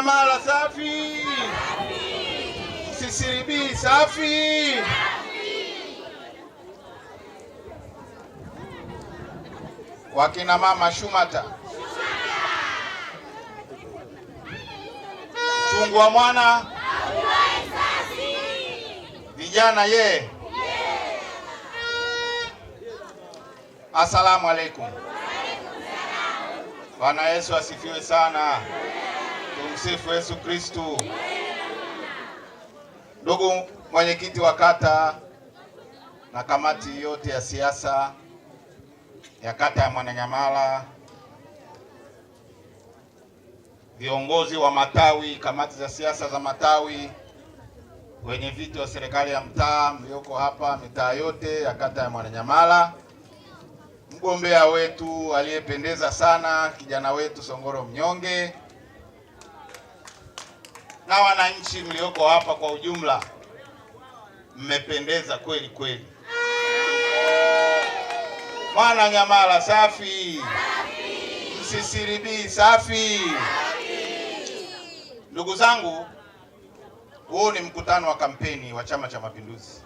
Manyamala safi, CCRB safi. Wakina mama Shumata, chungwa mwana, vijana ye. Asalamu alaikum. Bwana Yesu asifiwe sana. Tumsifu Yesu Kristu. Ndugu mwenyekiti wa kata na kamati yote ya siasa ya kata ya Mwananyamala, viongozi wa matawi, kamati za siasa za matawi, wenye viti wa serikali ya mtaa mlioko hapa, mitaa yote ya kata ya Mwananyamala, mgombea wetu aliyependeza sana kijana wetu Songoro Mnyonge na wananchi mlioko hapa kwa ujumla, mmependeza kweli kweli. mwana nyamala safi, Msisiribi safi. Ndugu zangu, huu ni mkutano wa kampeni wa Chama cha Mapinduzi.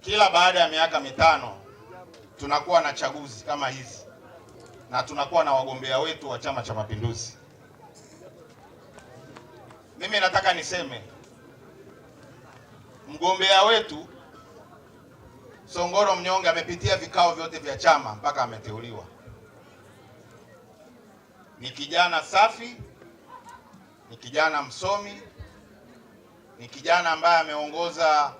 Kila baada ya miaka mitano tunakuwa na chaguzi kama hizi na tunakuwa na wagombea wetu wa Chama cha Mapinduzi. Mimi nataka niseme mgombea wetu Songoro Mnyonge amepitia vikao vyote vya chama mpaka ameteuliwa. Ni kijana safi, ni kijana msomi, ni kijana ambaye ameongoza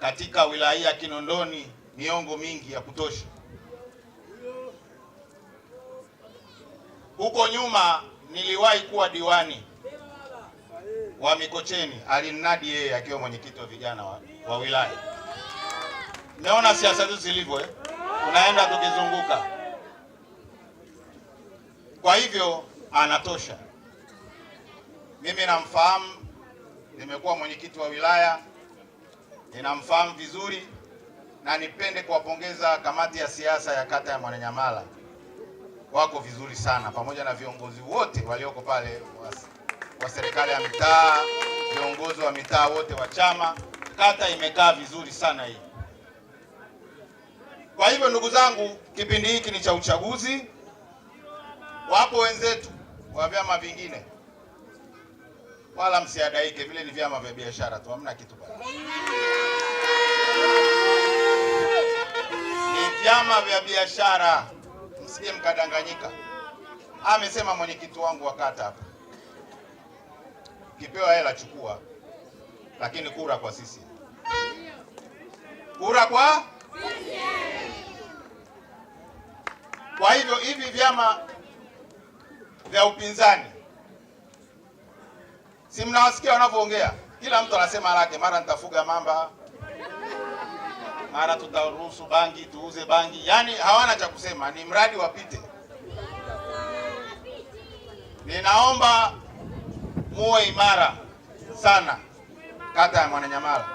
katika wilaya ya Kinondoni miongo mingi ya kutosha. Huko nyuma niliwahi kuwa diwani wa Mikocheni, alinadi yeye akiwa mwenyekiti wa vijana wa, wa wilaya. meona siasa zetu zilivyo eh? Unaenda tukizunguka. Kwa hivyo anatosha. Mimi namfahamu, nimekuwa mwenyekiti wa wilaya, ninamfahamu vizuri, na nipende kuwapongeza kamati ya siasa ya kata ya Mwananyamala wako vizuri sana, pamoja na viongozi wote walioko pale wa serikali ya mitaa, viongozi wa mitaa wote wa chama. Kata imekaa vizuri sana hii. Kwa hivyo, ndugu zangu, kipindi hiki ni cha uchaguzi. Wapo wenzetu wa vyama vingine, wala msiadaike, vile ni vyama vya biashara tu, hamna kitu pale. Ni vyama vya biashara msije mkadanganyika. Amesema mwenyekiti wangu wa kata hapa, kipewa hela chukua, lakini kura kwa sisi, kura kwa kwa hivyo hivi vyama vya upinzani si mnawasikia wanavyoongea, kila mtu anasema lake, mara nitafuga mamba, mara tutaruhusu bangi tuuze bangi, yani hawana cha kusema, ni mradi wapite. Ninaomba muwe imara sana, kata ya Mwananyamala,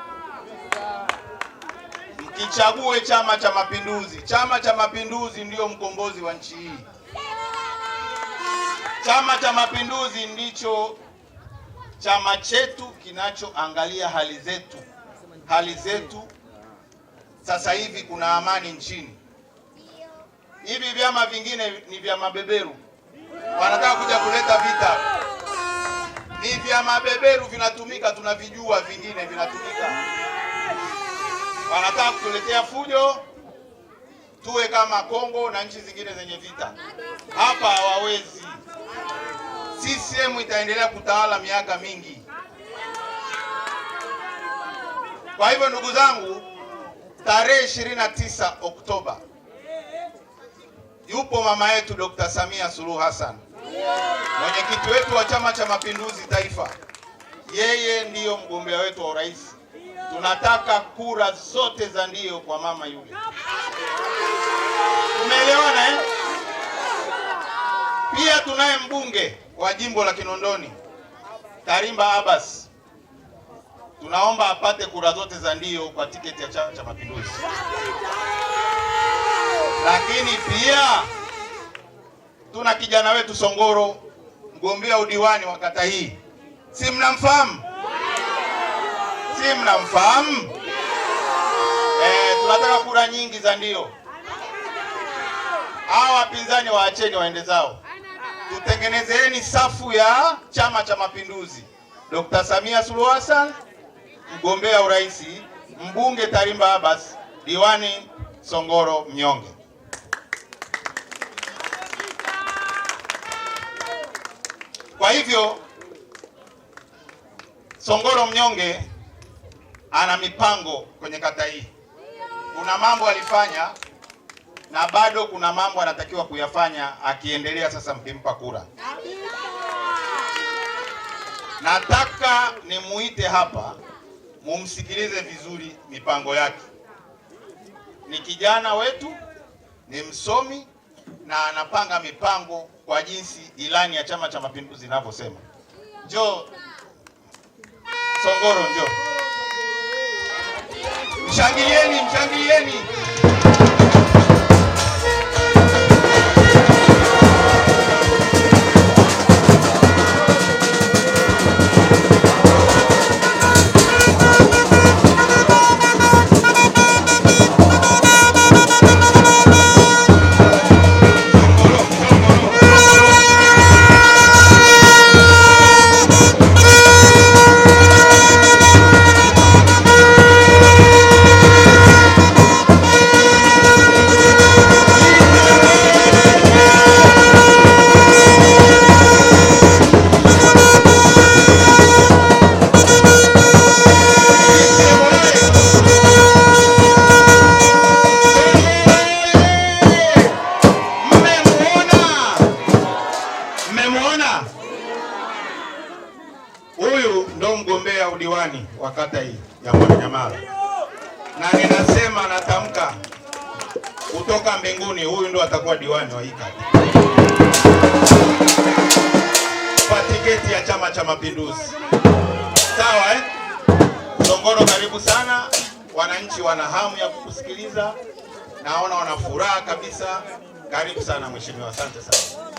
mkichague Chama cha Mapinduzi. Chama cha Mapinduzi ndiyo mkombozi wa nchi hii. Chama cha Mapinduzi ndicho chama chetu kinachoangalia hali zetu, hali zetu sasa hivi kuna amani nchini. Hivi vyama vingine ni vya mabeberu, wanataka kuja kuleta vita. Ni vya mabeberu vinatumika, tunavijua, vingine vinatumika, wanataka kutuletea fujo, tuwe kama Kongo na nchi zingine zenye vita. Hapa hawawezi. CCM itaendelea kutawala miaka mingi. Kwa hivyo ndugu zangu tarehe 29 Oktoba yupo mama yetu Dr. Samia Suluhu Hassan, mwenyekiti wetu wa Chama cha Mapinduzi Taifa. Yeye ndiyo mgombea wetu wa urais. Tunataka kura zote za ndio kwa mama yule, umeelewana eh? Pia tunaye mbunge wa jimbo la Kinondoni Tarimba Abbas tunaomba apate kura zote za ndio kwa tiketi ya Chama cha Mapinduzi, lakini pia tuna kijana wetu Songoro, mgombea udiwani wa kata hii, si mnamfahamu? Si mnamfahamu? Eh, tunataka kura nyingi za ndio. Hawa wapinzani waacheni waende zao, tutengenezeeni safu ya Chama cha Mapinduzi. Dr. Samia Suluhu Hassan mgombea urais, mbunge Tarimba Abbas, diwani Songoro Mnyonge. Kwa hivyo Songoro Mnyonge ana mipango kwenye kata hii. Kuna mambo alifanya na bado kuna mambo anatakiwa kuyafanya akiendelea sasa mkimpa kura. Nataka nimuite hapa mumsikilize vizuri mipango yake. Ni kijana wetu, ni msomi na anapanga mipango kwa jinsi ilani ya Chama cha Mapinduzi inavyosema. Njoo Songoro, njoo mshangilieni, mshangilieni. wa kata hii ya Mwananyamala, na ninasema natamka kutoka mbinguni, huyu ndo atakuwa diwani wa hii kata kwa tiketi ya Chama cha Mapinduzi. Sawa eh? Songoro, karibu sana. Wananchi wana hamu ya kukusikiliza, naona wana furaha kabisa. Karibu sana mheshimiwa, asante sana.